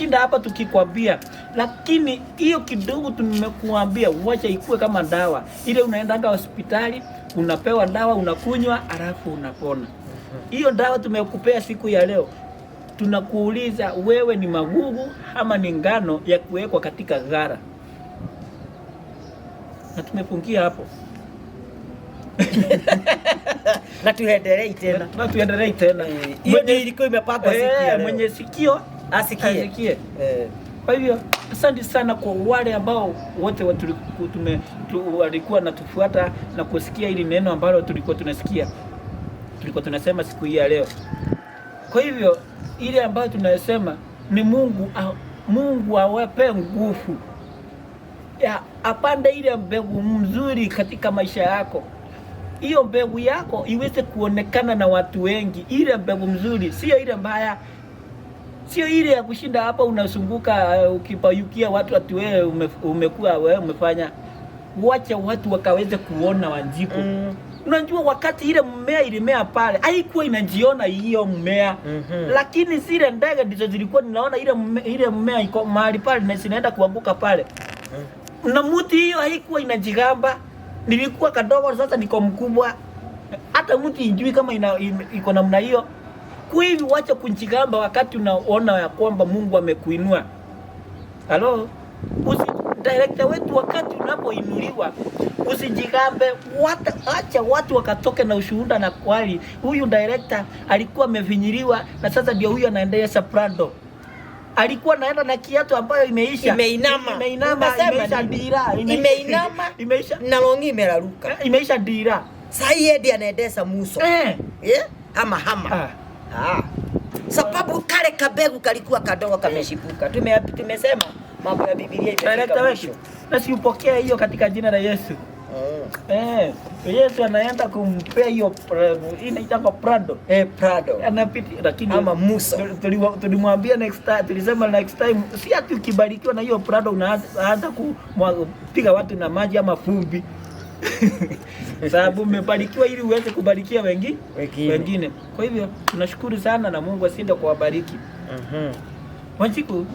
shida hapa tukikwambia, lakini hiyo kidogo tumekuambia, wacha ikue kama dawa ile. Unaendanga hospitali unapewa dawa unakunywa, alafu unapona. Hiyo dawa tumekupea siku ya leo, tunakuuliza wewe, ni magugu ama ni ngano ya kuwekwa katika ghara? Na tumefungia hapo na tuendelee tena, na tuendelee tena. Eh, mwenye ilikuwa siku ya eh, leo. Mwenye sikio asikie. Kwa hivyo asante sana kwa wale ambao wote walikuwa natufuata na kusikia ili neno ambalo tulikuwa tunasikia, tulikuwa tunasema siku hii ya leo. Kwa hivyo ile ambayo tunasema ni Mungu, Mungu awape nguvu ya apande ile mbegu mzuri katika maisha yako, hiyo mbegu yako iweze kuonekana na watu wengi, ile mbegu mzuri, sio ile mbaya sio ile ya kushinda hapa unasumbuka uh, ukipayukia watu ati wewe umekuwa wewe umefanya. Wacha watu wakaweze kuona wanjiko mm. Unajua, wakati ile mmea ilimea pale haikuwa inajiona hiyo mmea mm -hmm. Lakini zile ndege ndizo zilikuwa ninaona ile mmea, ile mmea iko mahali pale na zinaenda kuanguka pale mm. Na muti hiyo haikuwa inajigamba, nilikuwa kadogo, sasa niko mkubwa, hata mti ijui kama ina, iko namna hiyo. Siku hivi wacha kunjigamba wakati unaona ya kwamba Mungu amekuinua. Halo? Usi director wetu wakati unapoinuliwa usijigambe, wata, acha watu wakatoke na ushuhuda na kwali, huyu director alikuwa amevinyiliwa na sasa ndio huyu anaendelea soprano alikuwa naenda na kiatu ambayo imeisha imeinama imeinama imeisha dira imeinama imeisha na longi imeraruka eh, imeisha dira sasa yeye ndiye anaendesha muso eh yeah? hama hama ah. Ah. Sababu kale kabegu kalikuwa kadogo kameshibuka. Tume, tumesema mambo ya Biblia hivi. Na siupokea hiyo katika jina la Yesu. Mm. Eh, Yesu anaenda kumpea hiyo prado. Inaitwa prado. Eh, prado. Anapiti lakini ama Musa. Tulimwambia next time, tulisema next time si ati ukibarikiwa na hiyo prado unaanza kupiga watu na maji ama fumbi. sababu umebarikiwa ili uweze kubarikia wengi, wengine. wengine. Kwa hivyo tunashukuru sana na Mungu asinde kuwabariki. uh mhm. -huh. Wanjiku